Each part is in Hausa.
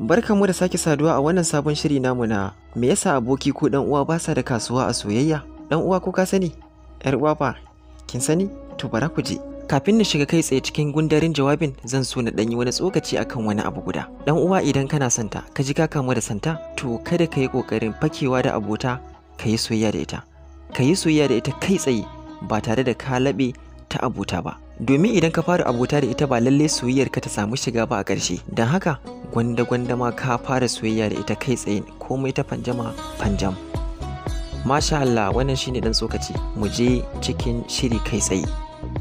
Barkanmu da sake saduwa a wannan sabon shiri namu na me yasa aboki ko dan uwa ba sa da kasuwa a soyayya? Dan uwa ko ka sani? Yar uwa fa kin sani? To bara ku je. Kafin na shiga kai tsaye cikin gundarin jawabin zan so na danyi wani tsokaci akan wani abu guda. Dan uwa idan kana santa, ka ji ka kamu da santa, to kada ka yi kokarin fakewa da abota, ka yi soyayya da ita. Ka yi soyayya da ita kai tsaye ba tare da ka laɓe ta abota ba. domin idan ka fara abota da ita ba lalle soyayyar ka ta samu shiga ba a ƙarshe don haka gwanda gwanda ma ka fara soyayya da ita kai tsaye komai ta fanjama fanjam masha Allah wannan shine dan tsokaci mu je cikin shiri kai tsaye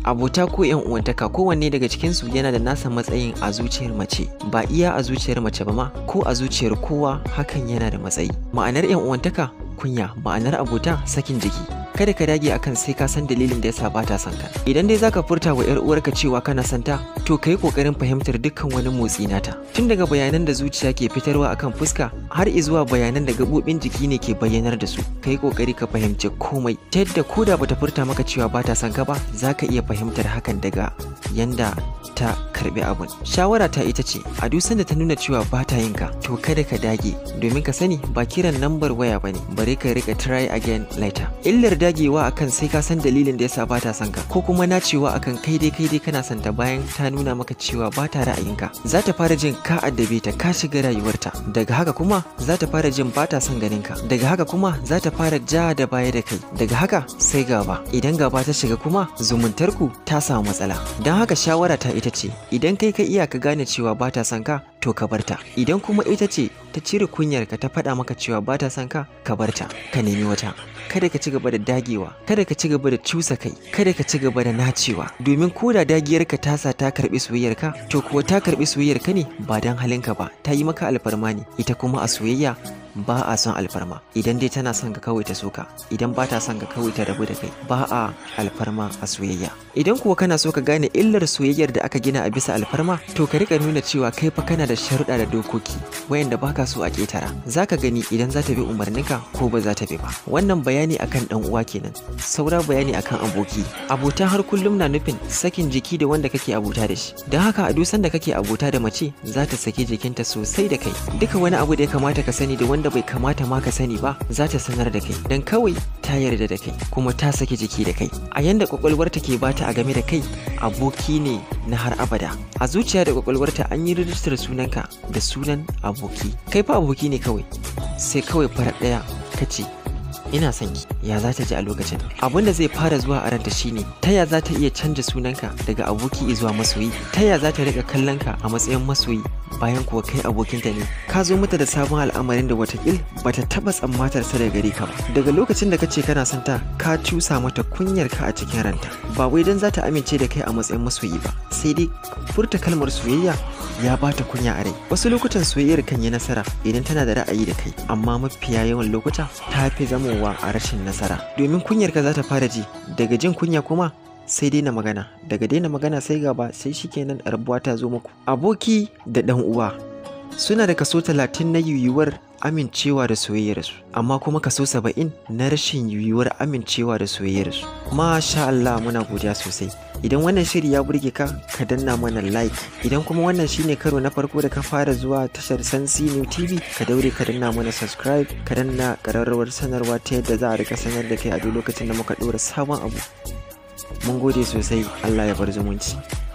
abota ko yan uwantaka kowanne daga cikin su yana da nasa matsayin a zuciyar mace ba iya a zuciyar mace ba ma ko a zuciyar kowa hakan yana da matsayi ma'anar yan uwantaka kunya ma'anar abota sakin jiki kada ka dage akan sai ka san dalilin da yasa ba ta son ka idan dai zaka furta wa yar uwarka cewa kana son ta to kai kokarin fahimtar dukkan wani motsi nata tun daga bayanan da zuciya ke fitarwa akan fuska har izuwa bayanan da gabobin jiki ne ke bayyanar da su kai kokari ka fahimci komai ta yadda koda bata furta maka cewa ba ta son ka ba zaka iya fahimtar hakan daga yanda ta karbi abun shawara ta ita ce a duk da ta nuna cewa ba ta yin ka to kada ka dage domin ka sani ba kiran lambar waya bane bare ka rika try again later illar dagewa akan sai ka san dalilin da yasa ba ta son ka ko kuma nacewa akan kai dai kai dai kana son ta bayan ta nuna maka cewa ba ta ra'ayinka za ta fara jin ka addabe ta ka shiga rayuwarta daga haka kuma za ta fara jin ba ta son ganin ka daga haka kuma za ta fara ja da baya da kai daga haka sai gaba idan gaba ta shiga kuma zumuntarku ta samu matsala don haka shawara ta ita ce idan kai ka iya ka gane cewa ba ta son ka to ka barta idan kuma ita ce ta cire kunyar ka ta faɗa maka cewa ba ta son ka ka barta ka nemi wata kada ka ci gaba da dagewa kada ka ci gaba da cusa kai kada ka ci gaba da nacewa domin ko da dagiyar ka ta sa ta karbi soyayyar ka to kuwa ta karbi soyayyar ka ne ba dan halin ka ba ta yi maka alfarma ne ita kuma a soyayya ba a son alfarma idan dai tana son ka kawai ta soka idan ba ta son ka kawai ta rabu da kai ba a alfarma a soyayya idan kuwa kana so ka gane illar soyayyar da aka gina a bisa alfarma to ka rika nuna cewa kai fa kana da sharuɗa da dokoki wayanda baka so a ketara zaka gani idan za ta bi umarninka ko ba za ta bi ba wannan bayani akan dan uwa kenan saura bayani akan aboki abota har kullum na nufin sakin jiki da wanda kake abota da shi don haka a dusan da kake abota da mace za ta saki jikinta sosai da kai duka wani abu da ya kamata ka sani da wanda wanda bai kamata ma ka sani ba za ta sanar da kai don kawai ta yarda da kai kuma ta saki jiki da kai a yanda kwakwalwar ta ke bata a game da kai aboki ne na har abada a zuciya da ta, an yi rijistar sunanka da sunan aboki kai fa aboki ne kawai sai kawai farar ɗaya ka ce ina son ki ya za ta ji a lokacin abin da zai fara zuwa a ranta shine ta ya za ta iya canja sunanka daga aboki zuwa masoyi ta ya za ta rika kallon ka a matsayin masoyi bayan kuwa kai abokinta ne ka zo mata da sabon al'amarin da watakil ba ta taba tsammatar sa daga gare ka ba daga lokacin da ka kace kana son ta ka cusa mata kunyar ka a cikin ranta ba wai dan za ta amince da kai a matsayin masoyi ba sai dai furta kalmar soyayya ya ba ta kunya a rai wasu lokutan soyayyar kan yi nasara idan tana da ra'ayi da kai amma mafiya yawan lokuta ta fi zamowa a rashin nasara nasara domin kunyarka za ta fara ji daga jin kunya kuma sai daina magana daga daina magana sai gaba sai shi shikenan rabuwa ta zo muku aboki da dan uwa suna da kaso talatin na yiwuwar amincewa da soyayyarsu amma kuma kaso saba'in na rashin yiwuwar amincewa da soyayyarsu masha Allah muna godiya sosai idan wannan shiri ya burge ka ka danna mana like idan kuma wannan shine karo na farko da ka fara zuwa tashar sansi new tv ka daure ka danna mana subscribe ka danna kararrawar sanarwa ta yadda za a rika sanar da kai a duk lokacin da muka ɗora sabon abu mun gode sosai allah ya bar zumunci